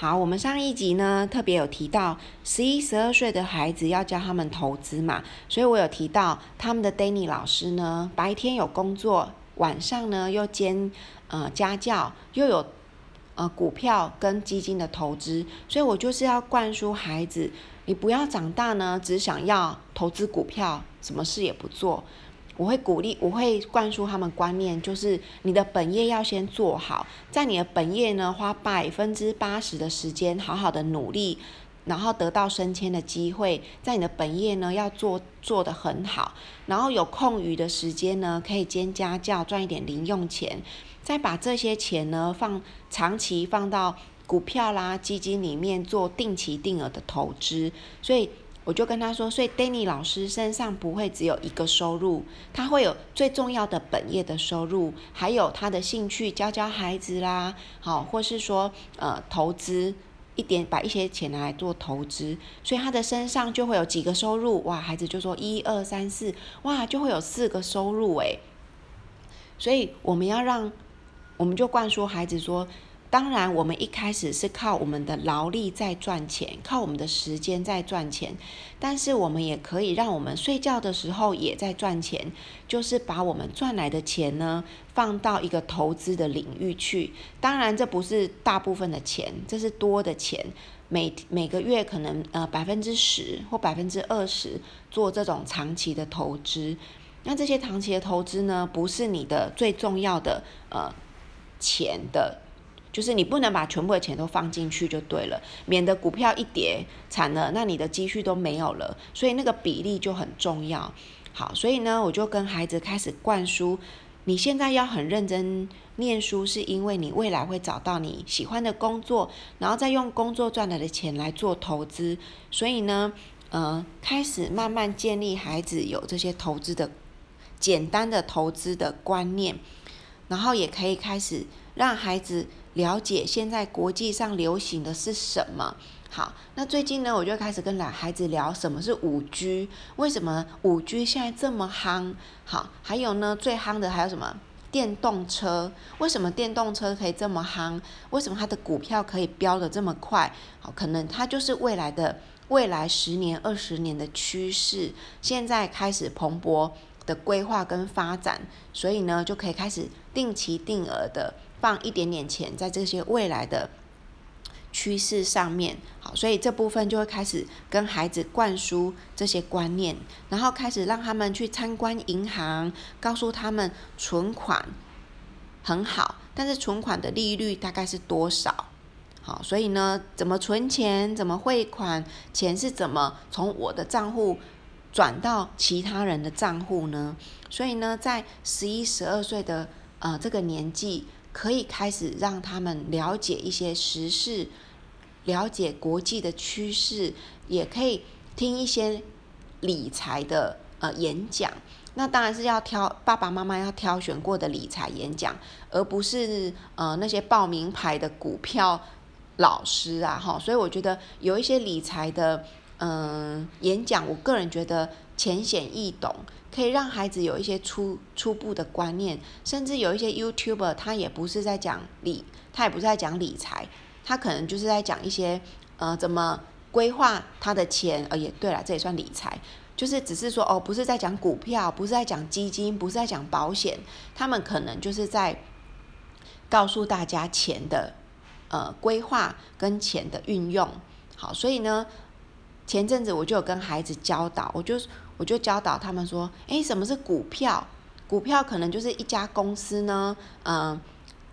好，我們上一集呢特別有提到，十一、十二歲的孩子要教他們投資嘛，所以我有提到他們的 Danny 老師呢，白天有工作，晚上呢又兼呃家教，又有呃股票跟基金的投資，所以我就是要灌輸孩子，你不要長大呢只想要投資股票，什麼事也不做。我會鼓勵，我會灌輸他們觀念，就是你的本業要先做好，在你的本業呢花百分之八十的時間，好好的努力，然後得到升遷的機會，在你的本業呢要做做得很好，然後有空餘的時間呢可以兼家教賺一點零用錢，再把這些錢呢放長期放到股票啦、基金裡面做定期定額的投資，所以。我就跟他說，所以 Danny 老師身上不會只有一個收入，他會有最重要的本業的收入，還有他的興趣教教孩子啦，好，或是說呃投資一點，把一些錢拿來做投資，所以他的身上就會有幾個收入，哇，孩子就說一二三四，哇，就會有四個收入誒、欸，所以我們要讓，我們就灌輸孩子說。當然，我們一開始是靠我們的勞力在賺錢，靠我們的時間在賺錢。但是我們也可以讓我們睡覺的時候也在賺錢，就是把我們賺來的錢呢，放到一個投資的領域去。當然，這不是大部分的錢，這是多的錢。每每個月可能呃百分之十或百分之二十做這種長期的投資。那這些長期的投資呢，不是你的最重要的呃錢的。就是你不能把全部的錢都放進去就對了，免得股票一跌，慘了，那你的積蓄都沒有了。所以那個比例就很重要。好，所以呢，我就跟孩子開始灌輸，你現在要很認真念書，是因為你未來會找到你喜歡的工作，然後再用工作賺來的錢來做投資。所以呢，呃，開始慢慢建立孩子有這些投資的簡單的投資的觀念，然後也可以開始讓孩子。了解現在國際上流行的是什麼？好，那最近呢，我就開始跟倆孩子聊什麼是五 G，為什麼五 G 現在這麼夯？好，還有呢，最夯的還有什麼？電動車？為什麼電動車可以這麼夯？為什麼它的股票可以飆得這麼快？好，可能它就是未來的未來十年、二十年的趨勢，現在開始蓬勃的規劃跟發展，所以呢，就可以開始定期定額的。放一點點錢在這些未來的趨勢上面，好，所以這部分就會開始跟孩子灌輸這些觀念，然後開始讓他們去參觀銀行，告訴他們存款很好，但是存款的利率大概是多少？好，所以呢，怎麼存錢，怎麼匯款，錢是怎麼從我的賬戶轉到其他人的賬戶呢？所以呢，在十一、十二歲的呃這個年紀。可以開始讓他們了解一些時事，了解國際的趨勢，也可以聽一些理財的呃演講。那當然是要挑爸爸媽媽要挑選過的理財演講，而不是呃那些報明牌的股票老師啊哈。所以我覺得有一些理財的嗯、呃、演講，我個人覺得淺顯易懂。可以讓孩子有一些初初步的觀念，甚至有一些 YouTuber 他也不是在講理，他也不是在講理財，他可能就是在講一些呃怎麼規劃他的錢，呃也對了，這也算理財，就是只是說哦不是在講股票，不是在講基金，不是在講保險，他們可能就是在告訴大家錢的呃規劃跟錢的運用。好，所以呢。前陣子我就有跟孩子教導，我就我就教導他們說，誒，什麼是股票？股票可能就是一家公司呢，嗯、呃，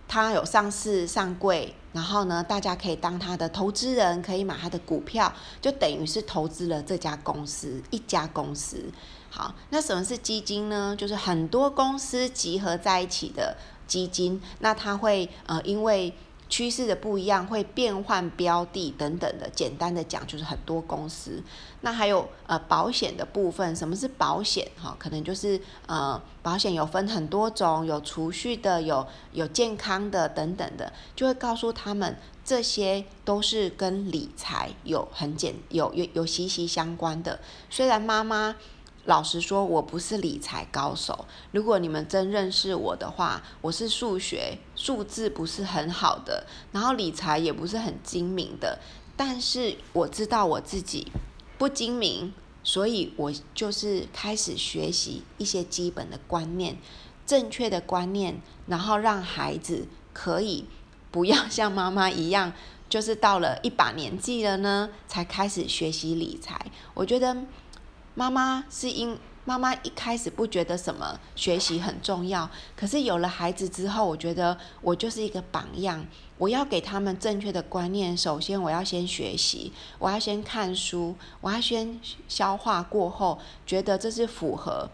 它有上市上櫃，然後呢，大家可以當它的投資人，可以買它的股票，就等於是投資了這家公司一家公司。好，那什麼是基金呢？就是很多公司集合在一起的基金，那它會呃因為。趨勢的不一樣，會變換標的等等的。簡單的講，就是很多公司。那還有呃保險的部分，什麼是保險？哈、哦，可能就是呃保險有分很多種，有儲蓄的，有有健康的等等的，就會告訴他們這些都是跟理財有很簡有有有息息相關的。雖然媽媽。老實說，我不是理財高手。如果你們真認識我的話，我是數學數字不是很好的，然後理財也不是很精明的。但是我知道我自己不精明，所以我就是開始學習一些基本的觀念、正確的觀念，然後讓孩子可以不要像媽媽一樣，就是到了一把年紀了呢，才開始學習理財。我覺得。媽媽是因媽媽一開始不覺得什麼學習很重要，可是有了孩子之後，我覺得我就是一個榜樣，我要給他們正確的觀念。首先，我要先學習，我要先看書，我要先消化過後，覺得這是符合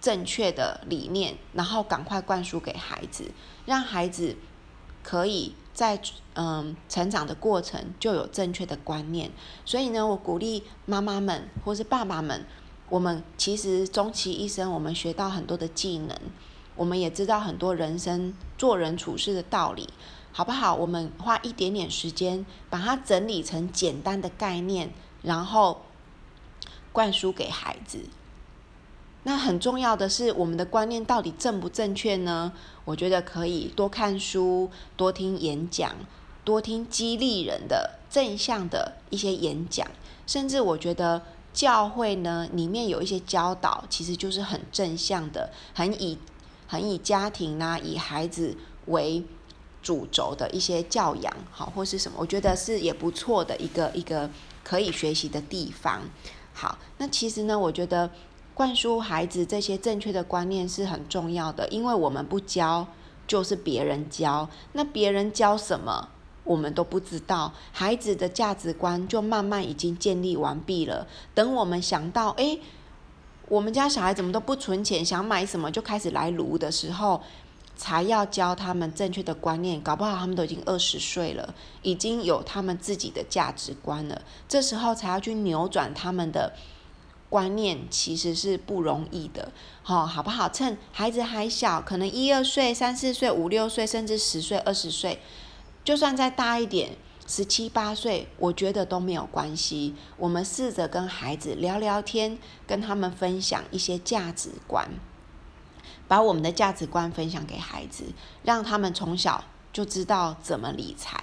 正確的理念，然後趕快灌輸給孩子，讓孩子，可以在嗯、呃、成長的過程就有正確的觀念，所以呢，我鼓勵媽媽們或是爸爸們，我們其實終其一生，我們學到很多的技能，我們也知道很多人生做人處事的道理，好不好？我們花一點點時間把它整理成簡單的概念，然後灌輸給孩子。那很重要的是，我們的觀念到底正不正確呢？我覺得可以多看書、多聽演講、多聽激勵人的正向的一些演講，甚至我覺得教會呢裡面有一些教導，其實就是很正向的，很以很以家庭吶、啊、以孩子為主軸的一些教養，好或是什麼，我覺得是也不錯的一個一個可以學習的地方。好，那其實呢，我覺得。灌輸孩子這些正確的觀念是很重要的，因為我們不教，就是別人教。那別人教什麼，我們都不知道。孩子的價值觀就慢慢已經建立完畢了。等我們想到，哎，我們家小孩怎麼都不存錢，想買什麼就開始來擼的時候，才要教他們正確的觀念。搞不好他們都已經二十歲了，已經有他們自己的價值觀了。這時候才要去扭轉他們的。觀念其實是不容易的，吼，好不好？趁孩子還小，可能一二歲、三四歲、五六歲，甚至十歲、二十歲，就算再大一點，十七八歲，我覺得都沒有關係。我們試着跟孩子聊聊天，跟他們分享一些價值觀，把我們的價值觀分享給孩子，讓他們從小就知道怎麼理財。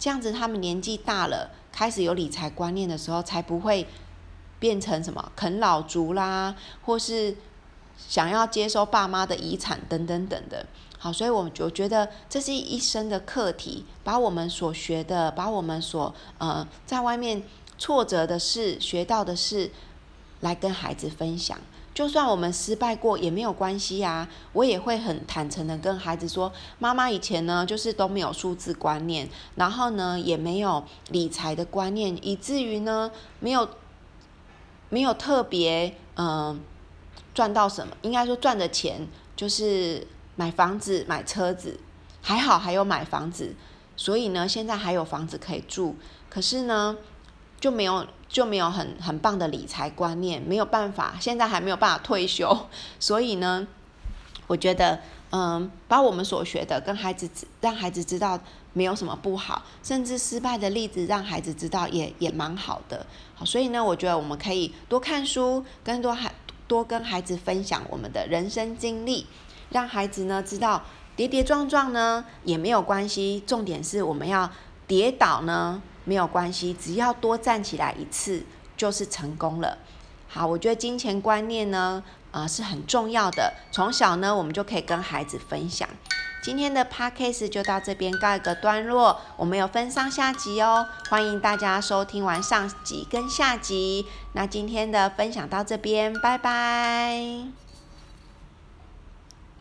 這樣子，他們年紀大了，開始有理財觀念的時候，才不會。變成什麼啃老族啦，或是想要接收爸媽的遺產等等等等的。好，所以我們就覺得這是一生的課題，把我們所學的，把我們所呃在外面挫折的事學到的事，來跟孩子分享。就算我們失敗過也沒有關係呀、啊，我也會很坦誠的跟孩子說，媽媽以前呢就是都沒有數字觀念，然後呢也沒有理財的觀念，以至於呢沒有。沒有特別，嗯、呃，賺到什麼？應該說賺的錢就是買房子、買車子，還好還有買房子，所以呢，現在還有房子可以住。可是呢，就沒有就沒有很很棒的理財觀念，沒有辦法，現在還沒有辦法退休，所以呢，我覺得。嗯，把我們所學的跟孩子，讓孩子知道沒有什麼不好，甚至失敗的例子，讓孩子知道也也蠻好的。好，所以呢，我覺得我們可以多看書，跟多孩，多跟孩子分享我們的人生經歷，讓孩子呢知道跌跌撞撞呢也沒有關係，重點是我們要跌倒呢沒有關係，只要多站起來一次就是成功了。好，我覺得金錢觀念呢。啊、呃，是很重要的。從小呢，我們就可以跟孩子分享。今天的 podcast 就到這邊告一個段落。我們有分上下集哦，歡迎大家收聽完上集跟下集。那今天的分享到這邊，拜拜。